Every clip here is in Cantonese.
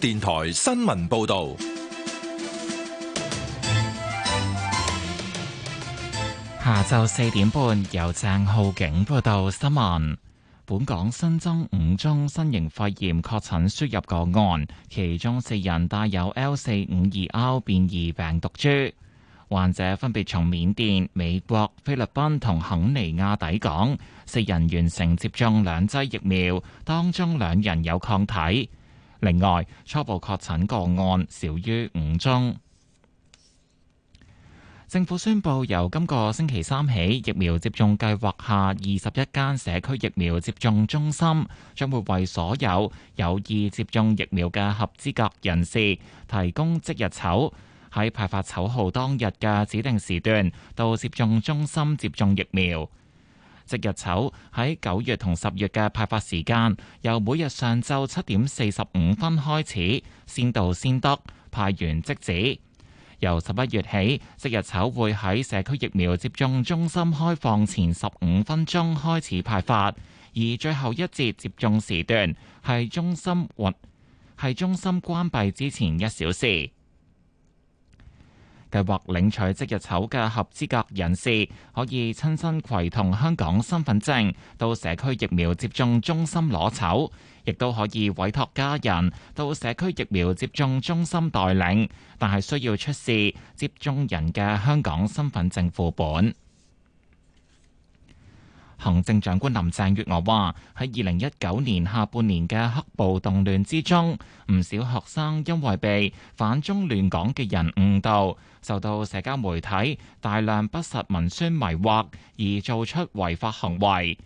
電台新聞報道：下晝四點半，由鄭浩景報道新聞。本港新增五宗新型肺炎確診輸入個案，其中四人帶有 L 四五二 R 變異病毒株。患者分別從緬甸、美國、菲律賓同肯尼亞抵港，四人完成接種兩劑疫苗，當中兩人有抗體。另外，初步確診個案少於五宗。政府宣布，由今個星期三起，疫苗接種計劃下二十一間社區疫苗接種中心將會為所有有意接種疫苗嘅合資格人士提供即日籌。喺派發籌號當日嘅指定時段，到接種中心接種疫苗。即日籌喺九月同十月嘅派發時間，由每日上晝七點四十五分開始，先到先得，派完即止。由十一月起，即日籌會喺社區疫苗接種中心開放前十五分鐘開始派發，而最後一節接種時段係中心或係中心關閉之前一小時。計劃領取即日籌嘅合資格人士，可以親身攜同香港身份證到社區疫苗接種中心攞籌，亦都可以委託家人到社區疫苗接種中心代領，但係需要出示接種人嘅香港身份證副本。行政長官林鄭月娥話：喺二零一九年下半年嘅黑暴動亂之中，唔少學生因為被反中亂港嘅人誤導，受到社交媒體大量不實文宣迷惑，而做出違法行為，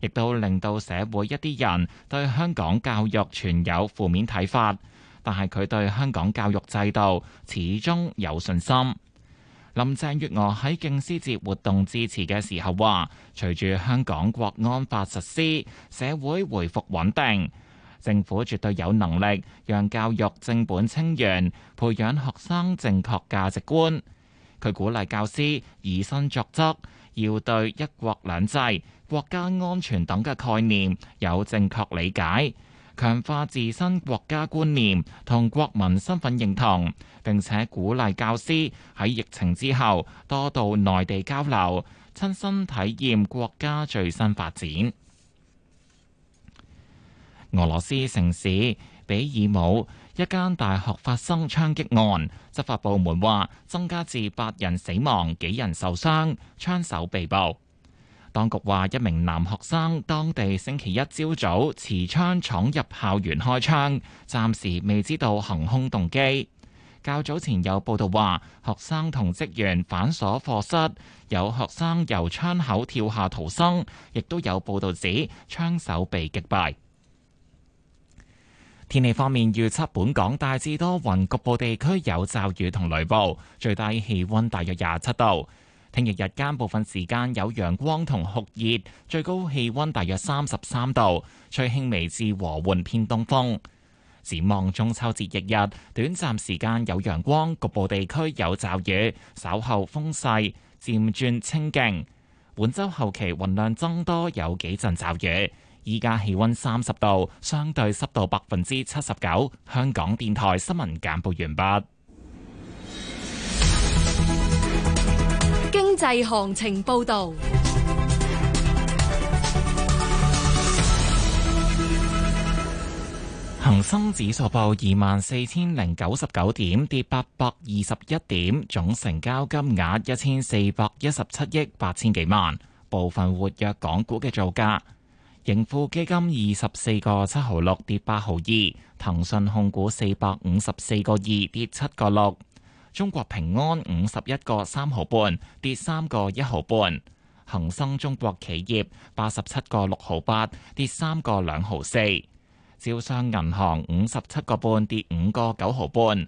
亦都令到社會一啲人對香港教育存有負面睇法。但係佢對香港教育制度始終有信心。林鄭月娥喺敬師節活動致辭嘅時候話，隨住香港國安法實施，社會回復穩定，政府絕對有能力讓教育正本清源，培養學生正確價值觀，佢鼓勵教師以身作則，要對一國兩制、國家安全等嘅概念有正確理解。強化自身國家觀念同國民身份認同，並且鼓勵教師喺疫情之後多到內地交流，親身體驗國家最新發展。俄羅斯城市比爾姆一間大學發生槍擊案，執法部門話增加至八人死亡、幾人受傷，槍手被捕。當局話，一名男學生當地星期一朝早持槍闖入校園開槍，暫時未知道行兇動機。較早前有報道話，學生同職員反鎖課室，有學生由窗口跳下逃生，亦都有報道指槍手被擊敗。天氣方面預測，本港大致多雲，局部地區有驟雨同雷暴，最低氣温大約廿七度。聽日日間部分時間有陽光同酷熱，最高氣温大約三十三度，吹輕微至和緩偏東風。展望中秋節日日，短暫時間有陽光，局部地區有驟雨，稍後風勢漸轉清勁。本周後期雲量增多，有幾陣驟雨。依家氣温三十度，相對濕度百分之七十九。香港電台新聞簡報完畢。經濟行情報道，恒生指數報二萬四千零九十九點，跌八百二十一點，總成交金額一千四百一十七億八千幾萬，部分活躍港股嘅造價，盈富基金二十四個七毫六跌八毫二，騰訊控股四百五十四個二跌七個六。中國平安五十一個三毫半，跌三個一毫半。恒生中國企業八十七個六毫八，跌三個兩毫四。招商銀行五十七個半，跌五個九毫半。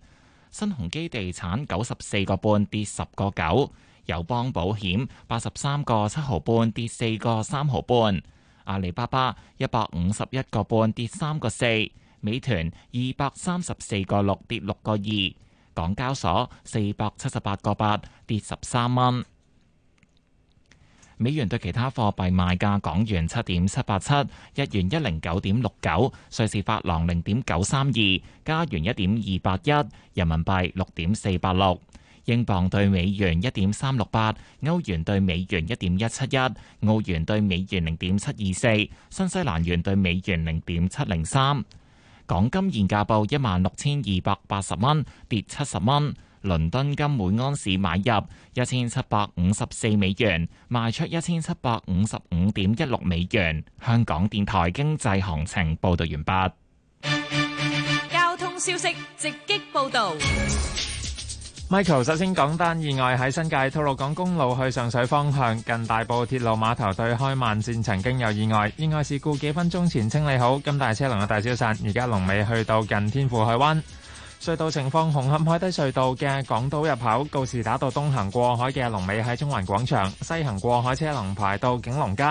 新鴻基地產九十四個半，跌十個九。友邦保險八十三個七毫半，跌四個三毫半。阿里巴巴一百五十一個半，跌三個四。美團二百三十四個六，跌六個二。港交所四百七十八個八，跌十三蚊。美元對其他貨幣賣價：港元七點七八七，日元一零九點六九，瑞士法郎零點九三二，加元一點二八一，人民幣六點四八六，英鎊對美元一點三六八，歐元對美元一點一七一，澳元對美元零點七二四，新西蘭元對美元零點七零三。港金現價報一萬六千二百八十蚊，跌七十蚊。倫敦金每安士買入一千七百五十四美元，賣出一千七百五十五點一六美元。香港電台經濟行情報道完畢。交通消息直擊報道。Michael 首先講單意外喺新界吐露港公路去上水方向近大埔鐵路碼頭對開慢線曾經有意外，意外事故幾分鐘前清理好，今大車大龍又大消散，而家龍尾去到近天賦海灣隧道情況，紅磡海底隧道嘅港島入口告士打道東行過海嘅龍尾喺中環廣場，西行過海車龍排到景隆街，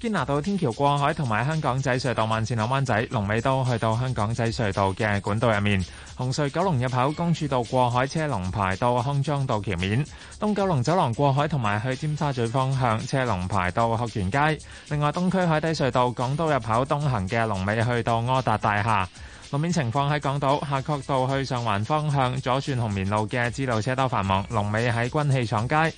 堅拿道天橋過海同埋香港仔隧道慢線落灣仔，龍尾都去到香港仔隧道嘅管道入面。紅隧九龍入口公主道過海車龍排到康莊道橋面，東九龍走廊過海同埋去尖沙咀方向車龍排到鶴園街。另外，東區海底隧道港島入口東行嘅龍尾去到柯達大廈。路面情況喺港島夏愨道去上環方向左轉紅棉路嘅支路車多繁忙，龍尾喺軍器廠街。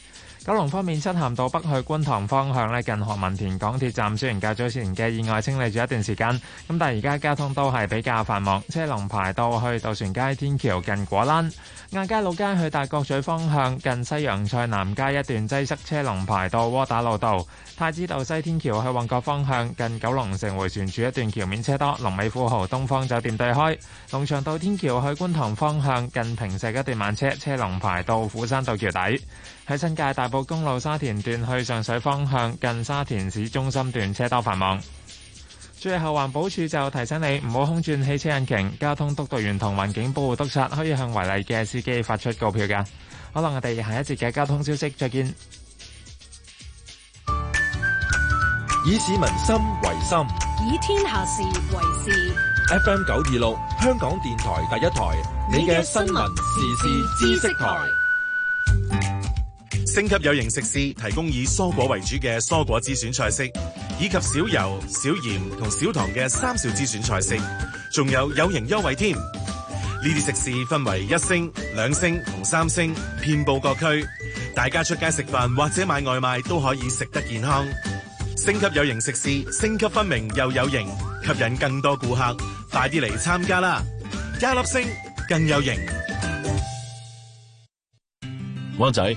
九龍方面，漆咸道北去觀塘方向咧，近何文田港鐵站，雖然較早前嘅意外，清理咗一段時間，咁但係而家交通都係比較繁忙，車龍排去到去渡船街天橋近果欄亞皆老街去大角咀方向近西洋菜南街一段擠塞，車,車龍排到窩打老道太子道西天橋去旺角方向近九龍城回旋處一段橋面車多，龍尾富豪東方酒店對開龍翔道天橋去觀塘方向近平石一段慢車，車龍排到斧山道橋底。喺新界大埔公路沙田段去上水方向，近沙田市中心段車多繁忙。最後，環保署就提醒你唔好空轉汽車引擎。交通督導員同環境保護督、督察可以向違例嘅司機發出告票噶。好啦，我哋下一節嘅交通消息再見。以市民心為心，以天下事為事。FM 九二六，香港電台第一台，你嘅新聞時事知識台。星級有形食肆提供以蔬果為主嘅蔬果之選菜式，以及少油、少鹽同少糖嘅三少之選菜式，仲有有形優惠添。呢啲食肆分為一星、兩星同三星，遍布各區，大家出街食飯或者買外賣都可以食得健康。星級有形食肆，星級分明又有形，吸引更多顧客，快啲嚟參加啦！加粒星更有型，灣仔。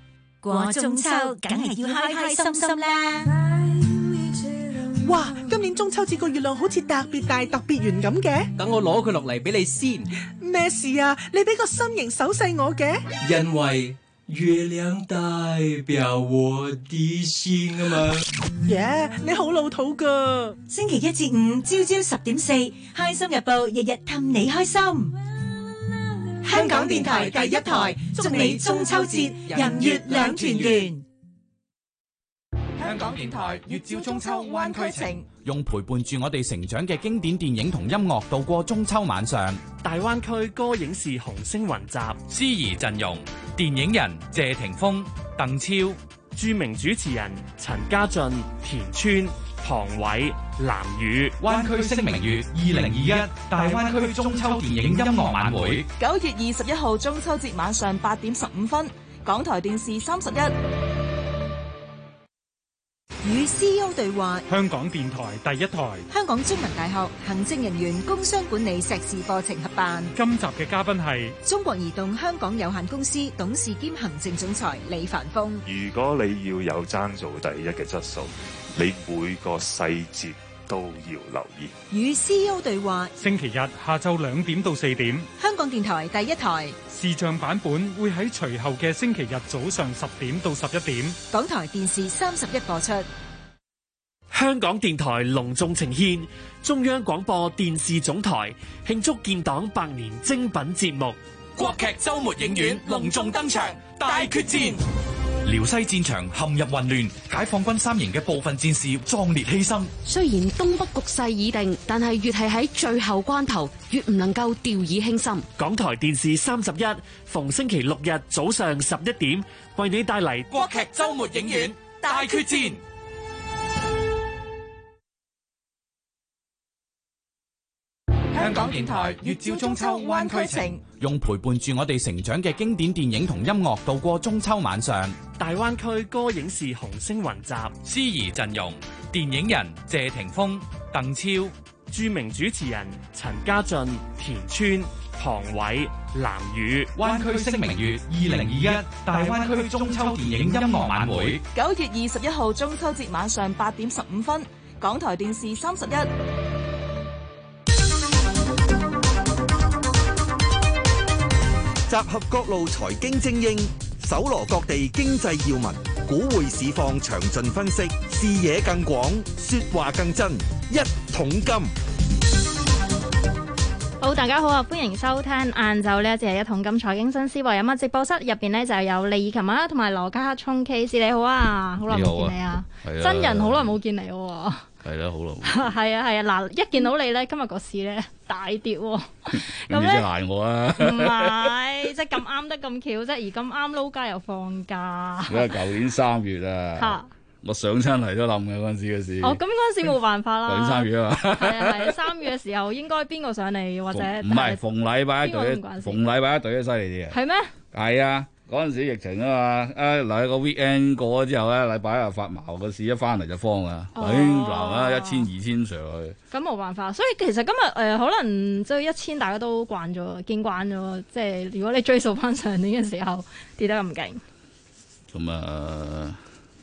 過中秋梗係要開開心心啦！哇，今年中秋節個月亮好似特別大，特別圓咁嘅。等我攞佢落嚟俾你先。咩事啊？你俾個心形手勢我嘅。因為月亮代表我啲先啊嘛。耶，你好老土噶！星期一至五朝朝十點四，開心日報日日氹你開心。香港電台第一台，祝你中秋節，人月兩團圓。香港電台月照中秋，灣區情。用陪伴住我哋成長嘅經典電影同音樂，度過中秋晚上。大灣區歌影視紅星雲集，司儀陣容：電影人謝霆鋒、鄧超，著名主持人陳家俊、田川。唐偉、藍宇，灣區升明月，二零二一大灣區中秋電影音樂晚會，九月二十一號中秋節晚上八點十五分，港台電視三十一。與 CEO 對話，香港電台第一台，香港中文大學行政人員工商管理碩士課程合辦。今集嘅嘉賓係中國移動香港有限公司董事兼行政總裁李凡峰。如果你要有爭做第一嘅質素。你每個細節都要留意。與 CEO 對話，星期日下晝兩點到四點，香港電台第一台，視像版本會喺隨後嘅星期日早上十點到十一點，港台電視三十一播出。香港電台隆重呈獻中央廣播電視總台慶祝建黨百年精品節目《國劇周末影院》隆重登場，大決戰。遼西戰場陷入混亂，解放軍三營嘅部分戰士壯烈犧牲。雖然東北局勢已定，但係越係喺最後關頭，越唔能夠掉以輕心。港台電視三十一，逢星期六日早上十一點，為你帶嚟國劇周末影院大決戰。香港電台《月照中秋，灣區情》，用陪伴住我哋成長嘅經典電影同音樂度過中秋晚上。大灣區歌影視紅星雲集，司儀陣容：電影人謝霆鋒、鄧超，著名主持人陳家俊、田川、唐偉、藍宇。灣區星明月，二零二一大灣區中秋電影音樂晚會，九月二十一號中秋節晚上八點十五分，港台電視三十一。集合各路財經精英，搜羅各地經濟要聞，股匯市況詳盡分析，視野更廣，說話更真。一桶金，好、哦、大家好啊，歡迎收聽晏晝咧，即係一桶金財經新思維。有、嗯、乜直播室入邊呢就有李琴啊，同埋羅家聰 K C，你好啊，好耐、啊、冇見你啊，真人好耐冇見你喎。 係啦，好耐冇。係啊係啊，嗱，一見到你咧，今日個市咧大跌喎。咁咧，唔使賴我啊。唔係，即係咁啱得咁巧啫。而咁啱撈街又放假。咩？舊年三月啊。我上親嚟都冧嘅嗰陣時嘅市。哦，咁嗰陣時冇辦法啦。舊年三月啊。係啊係啊，三月嘅時候應該邊個上嚟或者？唔係逢禮拜一隊，逢禮拜一隊都犀利啲。啊。係咩？係啊。嗰陣時疫情啊嘛，啊、哎、嚟個 weekend 過咗之後咧，禮拜又發毛，個市一翻嚟就慌啊，啦、哦，一千二千上去，咁冇、哦、辦法，所以其實今日誒、呃、可能即係一千大家都慣咗，見慣咗，即係如果你追溯翻上年嘅時候 跌得咁勁，咁啊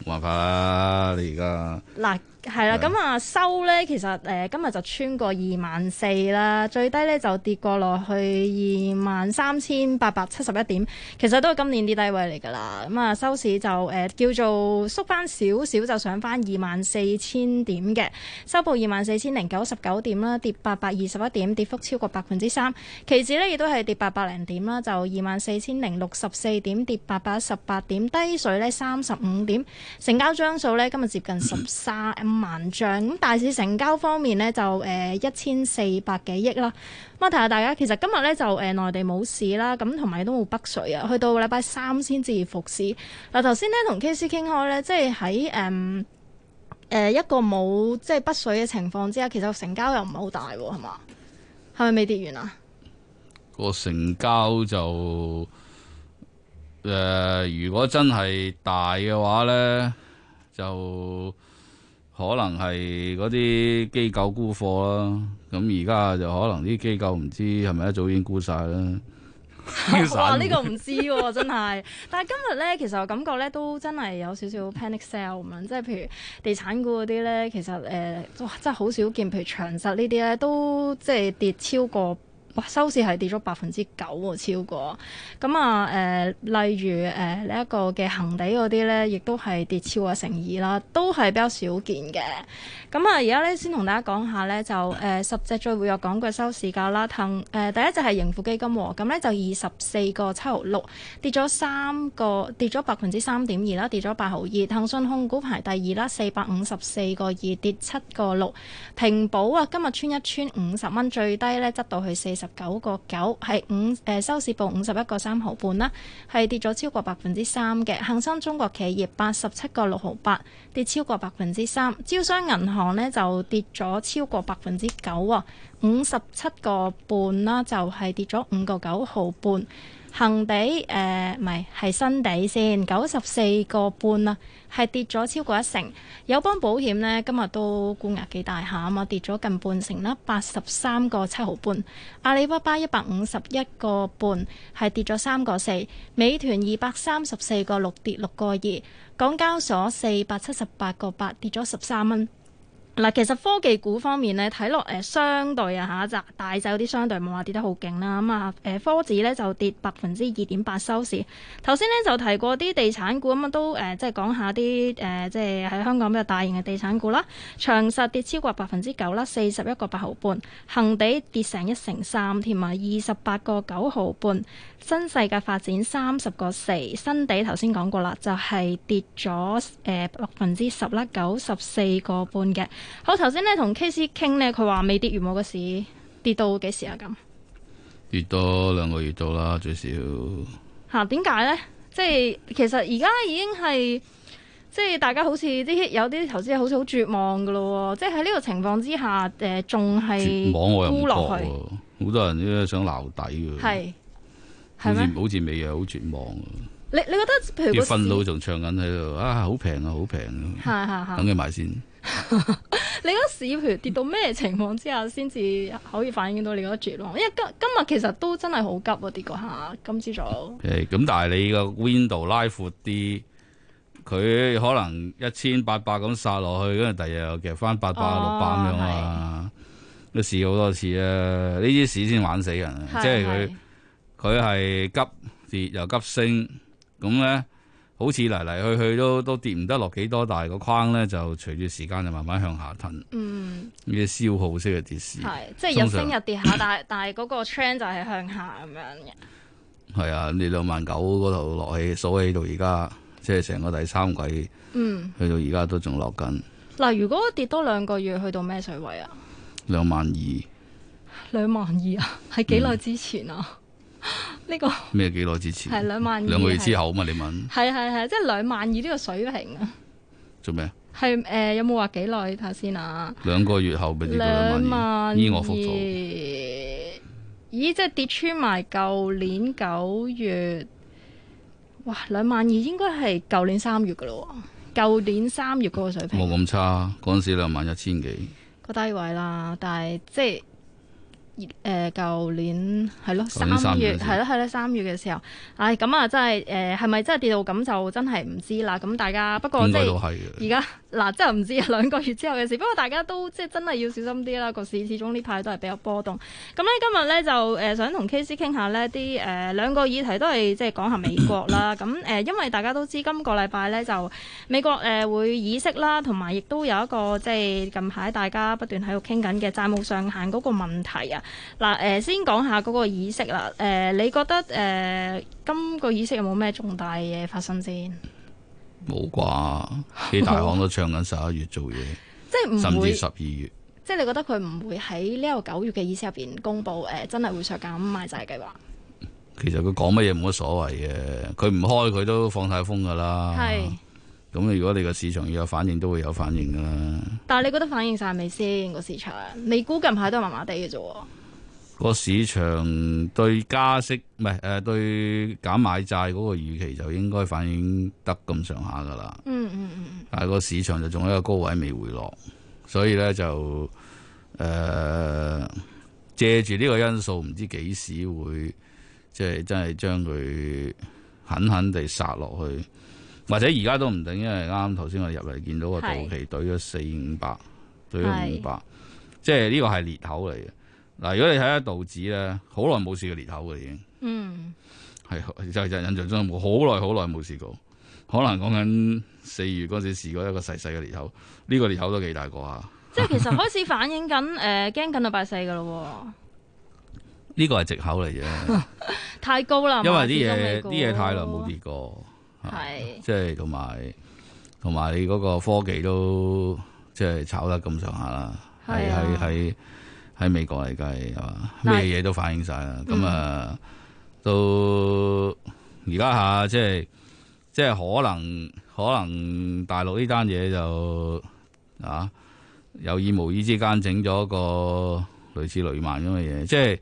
冇辦法你啦，而家。係啦，咁啊收呢，其實誒、呃、今日就穿過二萬四啦，最低呢就跌過落去二萬三千八百七十一點，其實都係今年啲低位嚟噶啦。咁啊收市就誒、呃、叫做縮翻少少，小小小就上翻二萬四千點嘅，收報二萬四千零九十九點啦，跌八百二十一點，跌幅超過百分之三。期指呢，亦都係跌八百零點啦，就二萬四千零六十四點，跌八百一十八點，低水呢三十五點，成交張數呢，今日接近十三。萬象，咁，大市成交方面呢，就誒一千四百幾億啦。咁啊，提下大家，其實今日呢，就誒內、呃、地冇市啦，咁同埋都冇北水啊，去到禮拜三先至復市。嗱、呃，頭先呢，同 KC 傾開呢，即係喺誒誒一個冇即係北水嘅情況之下，其實成交又唔係好大，啊，係嘛？係咪未跌完啊？個成交就誒、呃，如果真係大嘅話呢，就。可能係嗰啲機構沽貨啦，咁而家就可能啲機構唔知係咪一早已經沽晒啦。 哇！呢、這個唔知喎、啊，真係。 但係今日咧，其實我感覺咧都真係有少少 panic sell 咁樣，即係譬如地產股嗰啲咧，其實誒、呃，哇，真係好少見，譬如長實呢啲咧，都即係跌超過。哇，收市係跌咗百分之九超過咁啊誒，例如誒呢一個嘅恆地嗰啲呢，亦都係跌超啊成二啦，都係比較少見嘅。咁啊，而、呃、家呢，先同大家講下呢，就誒、呃、十隻最活躍港股嘅收市價啦，騰、呃、誒第一隻係盈富基金喎，咁呢就二十四個七毫六，跌咗三個，跌咗百分之三點二啦，跌咗八毫二。騰訊控股排第二啦，四百五十四個二，跌七個六。平保啊，今日穿一穿五十蚊，最低呢，執到去四。十九個九係五誒、呃、收市報五十一個三毫半啦，係跌咗超過百分之三嘅。恒生中國企業八十七個六毫八，跌超過百分之三。招商銀行呢就跌咗超過百分之九，五十七個半啦，就係跌咗五個九毫半。恒地誒，唔係，係新地先九十四個半啦，係、啊、跌咗超過一成。友邦保險呢，今日都沽壓幾大下啊嘛，跌咗近半成啦，八十三個七毫半。阿里巴巴一百五十一個半，係跌咗三個四。美團二百三十四個六，跌六個二。港交所四百七十八個八，跌咗十三蚊。嗱，其實科技股方面咧，睇落誒相對啊嚇、呃，就大走啲相對冇話跌得好勁啦。咁啊，誒科指呢就跌百分之二點八收市。頭先呢就提過啲地產股，咁啊都誒、呃、即係講下啲誒、呃、即係喺香港比較大型嘅地產股啦。長實跌超過百分之九啦，四十一個八毫半。恒地跌成一成三添啊，二十八個九毫半。新世界發展三十個四，新地，頭先講過啦，就係、是、跌咗誒百分之十啦，九十四個半嘅。好，頭先咧同 K C 傾咧，佢話未跌完我個市，跌到幾時啊？咁跌多兩個月到啦，最少嚇，點解咧？即係其實而家已經係即係大家好似啲有啲投資者好似好絕望嘅咯，即係喺呢個情況之下，誒仲係望我又沽落去，好多人咧想撈底嘅好似好似未嘅，好絕望。你你覺得譬如個市，憤怒仲唱緊喺度啊，好平啊，好平啊。係係係，等佢買先。 你嗰市譬如跌到咩情況之下，先至可以反映到你嗰絕望？因為今今日其實都真係好急啊，跌過下今朝早。係咁， 但係你個 window 拉闊啲，佢可能一千八百咁殺落去，跟住第日又夾翻八百六百咁樣啊。都試過好多次啊，呢啲市先玩死人，是是即係佢。佢係急跌又急升，咁咧好似嚟嚟去去都都跌唔得落幾多，但係個框咧就隨住時間就慢慢向下褪。嗯，啲消耗式嘅跌市係即係日升日跌下，下但係但係嗰個 trend 就係向下咁樣嘅。係啊，你兩萬九嗰度落起，數起到而家，即係成個第三季，嗯，去到而家都仲落緊。嗱，如果跌多兩個月，去到咩水位啊？兩萬二，兩萬二啊？係幾耐之前啊？呢、這個咩？幾耐之前係兩萬二，兩個月之後嘛？你問係係係，即係兩萬二呢個水平啊？做咩啊？係誒、呃，有冇話幾耐？睇下先啊！兩個月後俾你估兩萬二，咦？我覆數咦？即係跌穿埋舊年九月哇，兩萬二應該係舊年三月噶咯？舊年三月嗰個水平冇咁差，嗰陣時兩萬一千幾，個低位啦。但係即係。誒舊、嗯、年係咯，三月係咯係咯，三月嘅時候，唉、哎、咁啊，真係誒係咪真係跌到咁就真係唔知啦。咁大家不過，即係而家嗱，真係唔知兩個月之後嘅事。不過大家都即係真係要小心啲啦。個市始終呢排都係比較波動。咁、嗯、咧今日咧就誒、呃、想同 Case 傾下呢啲誒兩個議題都係即係講下美國 啦。咁誒因為大家都知今個禮拜咧就美國誒、呃、會議息啦，同埋亦都有一個即係近排大家不斷喺度傾緊嘅債務上限嗰個問題啊。嗱，誒，先講下嗰個議息啦。誒、呃，你覺得誒、呃、今個議息有冇咩重大嘢發生先？冇啩，幾大行都唱緊十一月做嘢， 即係唔會甚至十二月。即係你覺得佢唔會喺呢個九月嘅議息入邊公布？誒、呃，真係會削減賣債計劃。其實佢講乜嘢冇乜所謂嘅，佢唔開佢都放晒風噶啦。係咁是，如果你個市場要有反應，都會有反應噶啦。但係你覺得反應晒未先個市場？你估近排都係麻麻地嘅啫。個市場對加息唔係，誒，對減買債嗰個預期就應該反映得咁上下噶啦，嗯嗯嗯，但係個市場就仲喺個高位未回落，所以咧就誒借住呢個因素，唔知幾時會即係、就是、真係將佢狠狠地殺落去，或者而家都唔定，因為啱啱頭先我入嚟見到是個道指隊咗四五百，隊咗五百，即係呢個係裂口嚟嘅。嗱，如果你睇下道指咧，好耐冇試過裂口嘅已經，嗯，係就係、就、印象中好耐好耐冇試過，可能講緊四月嗰陣時試過一個細細嘅裂口，呢、呢個裂口都幾大個啊！即係其實開始反映緊，誒驚緊到拜四嘅咯，呢個係藉口嚟嘅， 太高啦了，因為啲嘢啲嘢太耐冇跌過，係是、啊、即係同埋同埋你嗰個科技都即係炒得咁上下啦，係係係。嗯 喺美國嚟計係嘛，咩嘢都反映晒啦。咁啊，到而家吓，即係即係可能可能大陸呢單嘢就啊有意無意之間整咗個類似雷曼咁嘅嘢。即係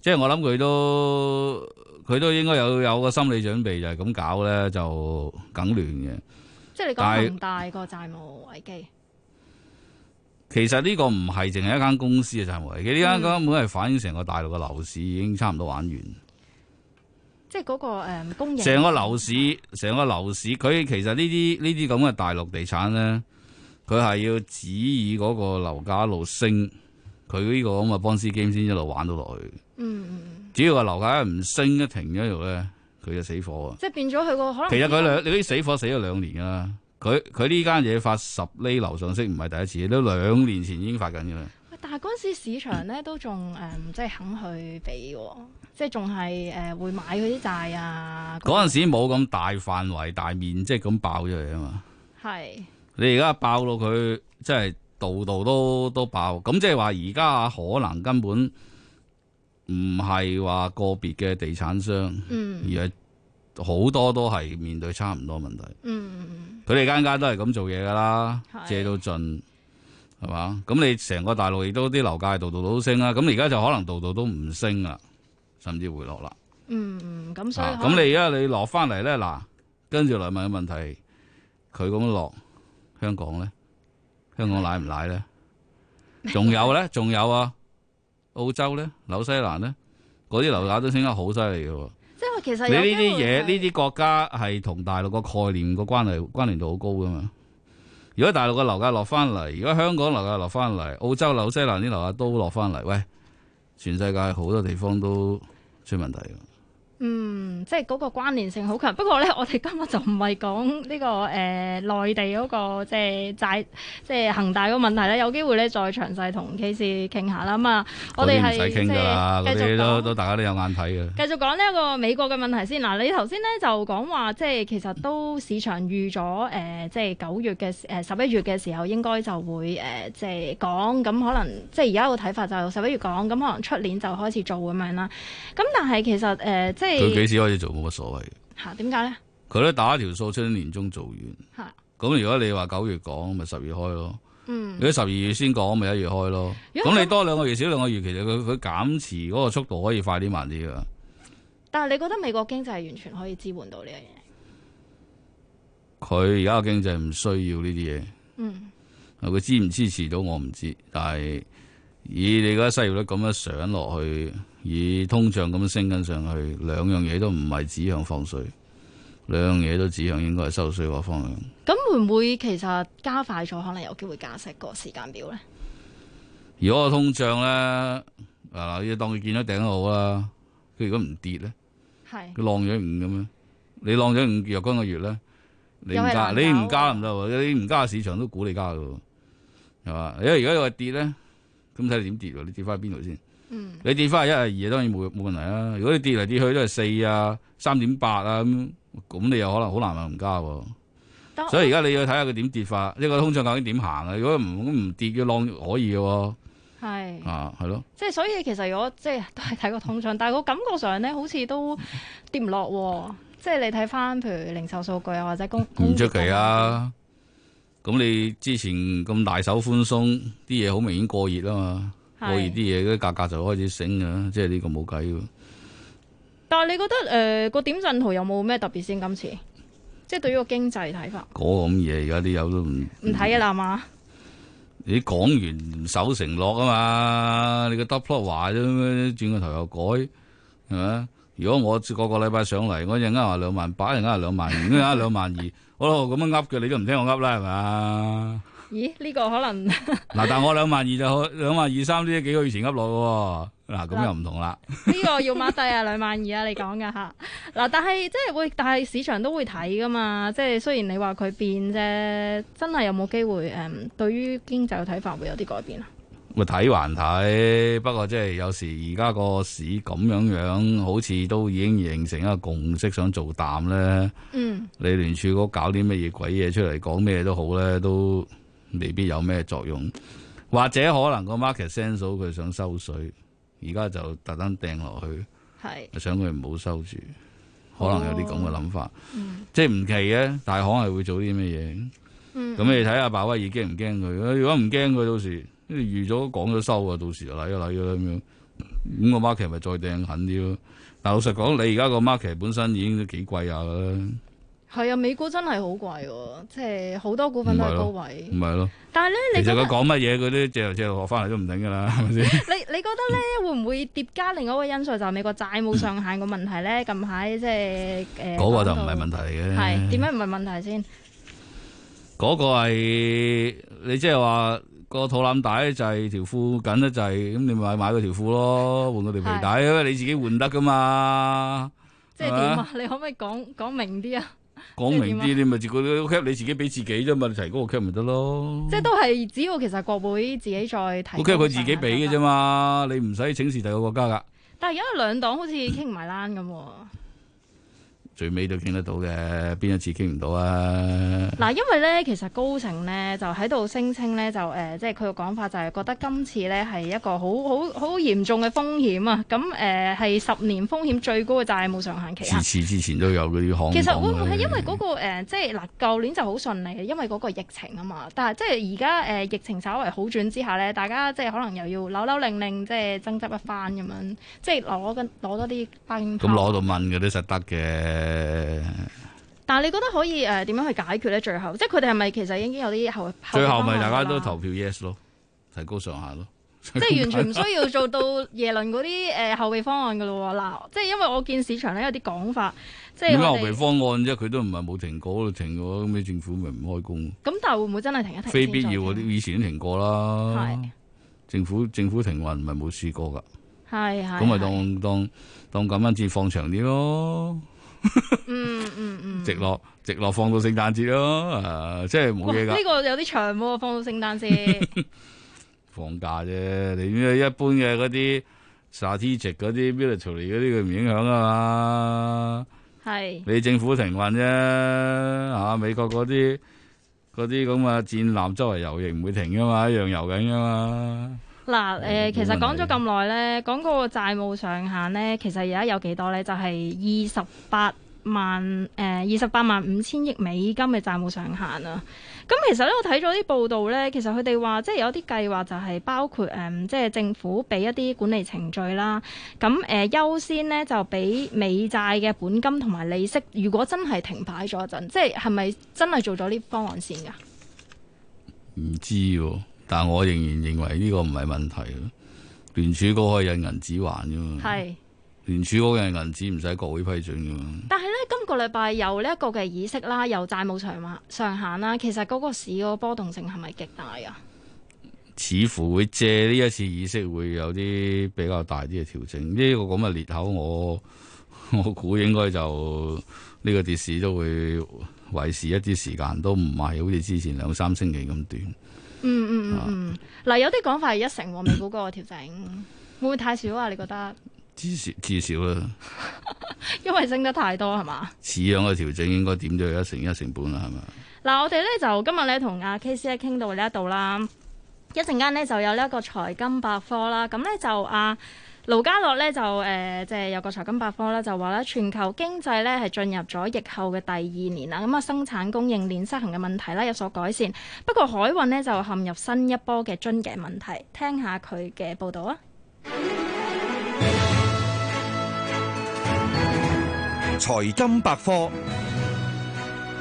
即係我諗佢都佢都應該有有個心理準備就，就係咁搞咧就梗亂嘅。即係你講恒大個債務危機。其實呢個唔係淨係一間公司嘅行為，佢呢間根本係反映成個大陸嘅樓市已經差唔多玩完。即係嗰個誒，供應成個樓市，成個樓市，佢其實呢啲呢啲咁嘅大陸地產咧，佢係要指以嗰個樓價一路升，佢呢個 Ponzi game 先一路玩到落去。嗯嗯。只要係樓價唔升，一停喺度咧，佢就死火啊！即係變咗佢個可能。其實佢兩你啲死火死咗兩年啦。佢佢呢間嘢發十厘樓上息唔係第一次，都兩年前已經發緊嘅啦。但係嗰陣時市場咧都仲誒、嗯，即係肯去俾、哦，即係仲係誒會買佢啲債啊。嗰陣時冇咁大範圍、大面積，即係咁爆咗嚟啊嘛。係你而家爆到佢，即係度度都都爆。咁即係話而家可能根本唔係話個別嘅地產商，嗯，而係。好多都係面對差唔多問題，嗯嗯嗯，佢哋間間都係咁做嘢噶啦，的借到盡，係嘛？咁你成個大陸亦都啲樓價度度都升啦、啊，咁而家就可能度度都唔升啊，甚至回落啦。嗯嗯，咁咁、啊、你而家你落翻嚟咧嗱，跟住嚟問嘅問題，佢咁落香港咧，香港奶唔奶咧？仲、嗯、 有咧？仲有啊？澳洲咧？紐西蘭咧？嗰啲樓價都升得好犀利嘅。你呢啲嘢，呢啲國家係同大陸個概念個關係關聯度好高㗎嘛。如果大陸嘅樓價落翻嚟，如果香港樓價落翻嚟，澳洲、紐西蘭啲樓價都落翻嚟，喂，全世界好多地方都出問題。嗯，即係嗰個關聯性好強。不過咧，我哋今日就唔係講呢個誒、呃、內地嗰、那個即係債，即係恒大個問題咧。有機會咧，再詳細同 K 師傾下啦咁啊，我哋係唔使傾㗎啦，嗰啲都都大家都有眼睇嘅。繼續講呢一個美國嘅問題先嗱。你頭先咧就講話，即係其實都市場預咗誒、呃，即係九月嘅誒十一月嘅時候應該就會誒、呃、即係講。咁可能即係而家個睇法就係十一月講，咁可能出年就開始做咁樣啦。咁但係其實誒、呃、即係。佢幾時開始做冇乜所謂嘅？吓，點解咧？佢咧打條數出年中做完，吓咁的。如果你話九月講，咪十月開咯。嗯，如果你喺十二月先講，咪一月開咯。咁如果 你多兩個月，少兩個月，其實佢佢減持嗰個速度可以快啲慢啲噶。但係你覺得美國經濟完全可以支援到呢樣嘢？佢而家嘅經濟唔需要呢啲嘢。嗯。佢支唔支持到我唔知，但係以你而家失業率咁樣上落去，而通脹咁升緊上去，兩樣嘢,都唔係指向放水，兩樣嘢都指向應該係收水個方向。咁會唔會其實加快咗可能有機會加息個時間表咧？如果個通脹咧，啊，當佢見到頂好啦，佢如果唔跌咧，係佢浪咗五咁樣，你浪咗五若干個月咧，你唔加，你唔加唔得喎，你唔加市場都估你加噶，係嘛？因為而家又跌咧，咁睇你點跌？你跌翻去邊度先？嗯、你跌翻係一係二，當然冇冇問題啦。如果你跌嚟跌去都係四啊、三點八啊咁，咁你又可能好難啊唔加。得所以而家你要睇下佢點跌法，呢得個通脹究竟點行啊？如果唔唔跌嘅浪可以嘅。係啊，係是、啊、咯。即係所以其實我即係都係睇個通脹，但係個感覺上咧好似都跌唔落、啊。即係你睇翻譬如零售數據啊，或者工唔出奇啊。咁你之前咁大手寬鬆，啲嘢好明顯過熱啊嘛。過熱啲嘢嗰啲價格就開始升㗎喇！即係呢個冇計喎。但係你覺得誒個、呃、點陣圖有冇咩特別先？今次即係對於個經濟睇法。嗰咁嘢而家啲友都唔唔睇啊嘛！你講完唔守承諾啊嘛！你個 dot plot 話咗轉個頭又改係咪？如果我個個禮拜上嚟，我陣間話兩萬八，陣間話兩萬，而家 兩萬二，好咯咁、哦、樣噏嘅，你都唔聽我噏啦係嘛？咦？呢、這個可能嗱， 但我兩萬二就可兩萬二三呢幾個月前噏落喎。嗱，咁又唔同啦。呢個要掹低啊，兩萬二啊，你講㗎吓嗱，但係即係會，但係市場都會睇噶嘛。即係雖然你話佢變啫，真係有冇機會誒、嗯？對於經濟嘅睇法會有啲改變啊？咪睇還睇，不過即係有時而家個市咁樣樣，好似都已經形成一個共識，想做淡咧。嗯，你聯儲局搞啲乜嘢鬼嘢出嚟，講咩都好咧，都。未必有咩作用，或者可能個 market sense 到佢想收水，而家就特登掟落去，是想佢唔好收住，哦、可能有啲咁嘅諗法，嗯、即係唔奇嘅。大行係會做啲咩嘢？咁、嗯嗯、你睇下，鮑威爾驚唔驚佢？如果唔驚佢，到時預咗講咗收啊，到時就嚟咗嚟咗啦咁樣。咁、個 market 咪再掟狠啲咯。但老實講，你而家個 market 本身已經都幾貴下啦。係啊，美股真係好貴，即係好多股份都係高位。唔係咯？但係咧，你其實佢講乜嘢，嗰啲借嚟借嚟學翻嚟都唔頂噶啦，係咪先？你你覺得咧會唔會疊加另外一個因素，就係美國債務上限個問題咧？近排即係誒，嗰、呃、個就唔係問題嘅。係點解唔係問題先？嗰個係你即係話個肚腩大就係條褲緊咧就係，咁你咪買買個條褲咯，換個條皮帶，因為的你自己換得噶嘛。即係點啊？你可唔可以講講明啲啊？講明啲，你咪自己，你 cap 你自己俾自己啫嘛，你提高個 cap 咪得咯。即係都係，只要其實國會自己再提個 cap 佢自己俾嘅啫嘛，你唔使請示第個國家噶。家但係而家兩黨好似傾唔埋欄咁。 最尾都傾得到嘅，邊一次傾唔到啊？嗱，因為咧，其實高盛咧就喺度聲稱咧，就誒，即係佢嘅講法就係覺得今次咧係一個好好好嚴重嘅風險啊！咁誒係十年風險最高嘅債務上限期啊！次次之前都有嗰啲行。其實會唔會係因為嗰個誒，即係嗱，舊年就好順利，因為嗰個疫情啊嘛。但係即係而家誒疫情稍微好轉之下咧，大家即係可能又要扭扭擰擰，即係爭執一翻咁樣，即係攞緊攞多啲。咁攞到問嘅都實得嘅。誒，嗯、但係你覺得可以誒，點、呃、樣去解決咧？最後，即係佢哋係咪其實已經有啲後後，後備方案最後咪大家都投票 yes 咯，提高上限咯，即係完全唔需要做到耶倫嗰啲誒後備方案噶咯嗱，即係 因為我見市場咧有啲講法，即係後備方案啫，佢都唔係冇停過，停過咁，尾政府咪唔開工咁，但係會唔會真係停一停，停？非必要啲，以前都停過啦是，政府政府停運咪冇試過噶，係係咁咪當當當咁樣，至放長啲咯。嗯嗯嗯，直落直落，放到聖誕節咯，啊，即係冇嘢噶。呢、這個有啲長喎、啊，放到聖誕節放假啫，你咩一般嘅嗰啲 strategic 嗰啲 military 嗰啲佢唔影響啊嘛。係你政府停運啫，吓、啊、美國嗰啲嗰啲咁啊，戰艦周圍游弋唔會停噶嘛，一樣游緊噶嘛。嗱，誒、呃，其實講咗咁耐咧，講個債務上限咧，其實而家有幾多咧？就係二十八萬，誒，二十八萬五千億美金嘅債務上限啊。咁其實咧，我睇咗啲報道咧，其實佢哋話即係有啲計劃就係包括，誒、嗯，即係政府俾一啲管理程序啦。咁誒、呃，優先咧就俾美債嘅本金同埋利息。如果真係停擺咗一陣，即係係咪真係做咗呢方案先噶？唔知、哦。但我仍然認為呢個唔係問題，聯儲局可以印銀紙還啫嘛，聯儲局印銀紙唔使國會批准噶。但係呢，今個禮拜有呢一個嘅議息啦，有債務上限上限啦，其實嗰個市嗰個波動性係咪極大啊？似乎會借呢一次議息會有啲比較大啲嘅調整，呢、這個咁嘅裂口我，我我估應該就呢、這個跌市都會維持一啲時間，都唔係好似之前兩三星期咁短。嗯嗯嗯嗯，嗱、嗯嗯啊、有啲講法係一成喎，美股嗰個調整 會唔會太少啊？你覺得至少至少啦， 因為升得太多係嘛？似樣嘅調整應該點都有一成一成半啦，係嘛？嗱，我哋咧就今日咧同阿 K C 咧傾到呢一度啦，一陣間咧就有呢一個財金百科啦，咁咧就啊。盧家樂咧就誒，即、呃、係、就是、有個財金百科咧就話咧，全球經濟咧係進入咗疫後嘅第二年啦，咁啊生產供應鏈失衡嘅問題啦，有所改善，不過海運咧就陷入新一波嘅樽頸問題。聽下佢嘅報導啊！財金百科，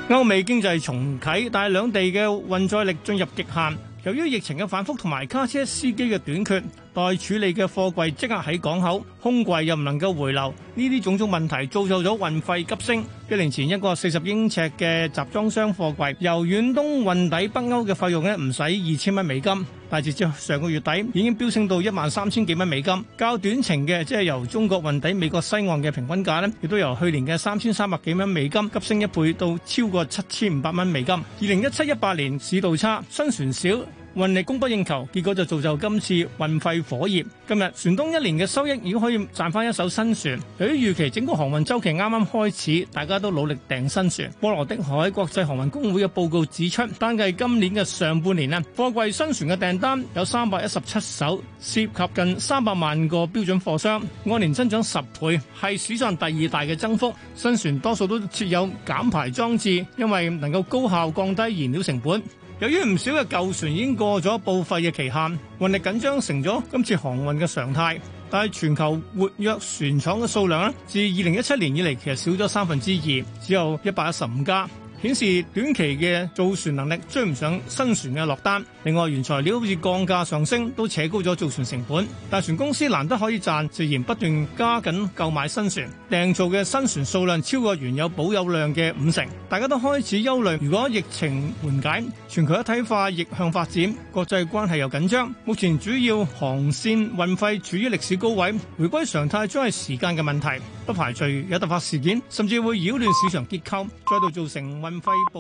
歐美經濟重啟，但係兩地嘅運載力進入極限，由於疫情嘅反覆同埋卡車司機嘅短缺。待處理嘅貨櫃即刻喺港口，空櫃又唔能夠回流，呢啲種種問題造就咗運費急升。一年前一個四十英尺嘅集裝箱貨櫃由遠東運抵北歐嘅費用呢，唔使二千蚊美金，但係直至上個月底已經飆升到一萬三千幾蚊美金。較短程嘅即係由中國運抵美國西岸嘅平均價呢，亦都由去年嘅三千三百幾蚊美金急升一倍到超過七千五百蚊美金。二零一七一八年市道差，新船少。運力供不應求，結果就造就今次運費火熱。今日船東一年嘅收益已經可以賺翻一艘新船。由於預期整個航運週期啱啱開始，大家都努力訂新船。波羅的海國際航運公會嘅報告指出，單計今年嘅上半年咧，貨櫃新船嘅訂單有三百一十七艘，涉及近三百萬個標準貨箱，按年增長十倍，係史上第二大嘅增幅。新船多數都設有減排裝置，因為能夠高效降低燃料成本。由於唔少嘅舊船已經過咗報廢嘅期限，運力緊張成咗今次航運嘅常態。但係全球活躍船廠嘅數量，自二零一七年以嚟，其實少咗三分之二，只有一百一十五家。顯示短期嘅造船能力追唔上新船嘅落單，另外原材料好似降價上升，都扯高咗造船成本。大船公司難得可以賺，自然不斷加緊購買新船，訂造嘅新船數量超過原有保有量嘅五成。大家都開始憂慮，如果疫情緩解，全球一體化逆向發展，國際關係又緊張，目前主要航線運費處於歷史高位，回歸常態將係時間嘅問題。不排除有突發事件，甚至會擾亂市場結構，再度造成運費。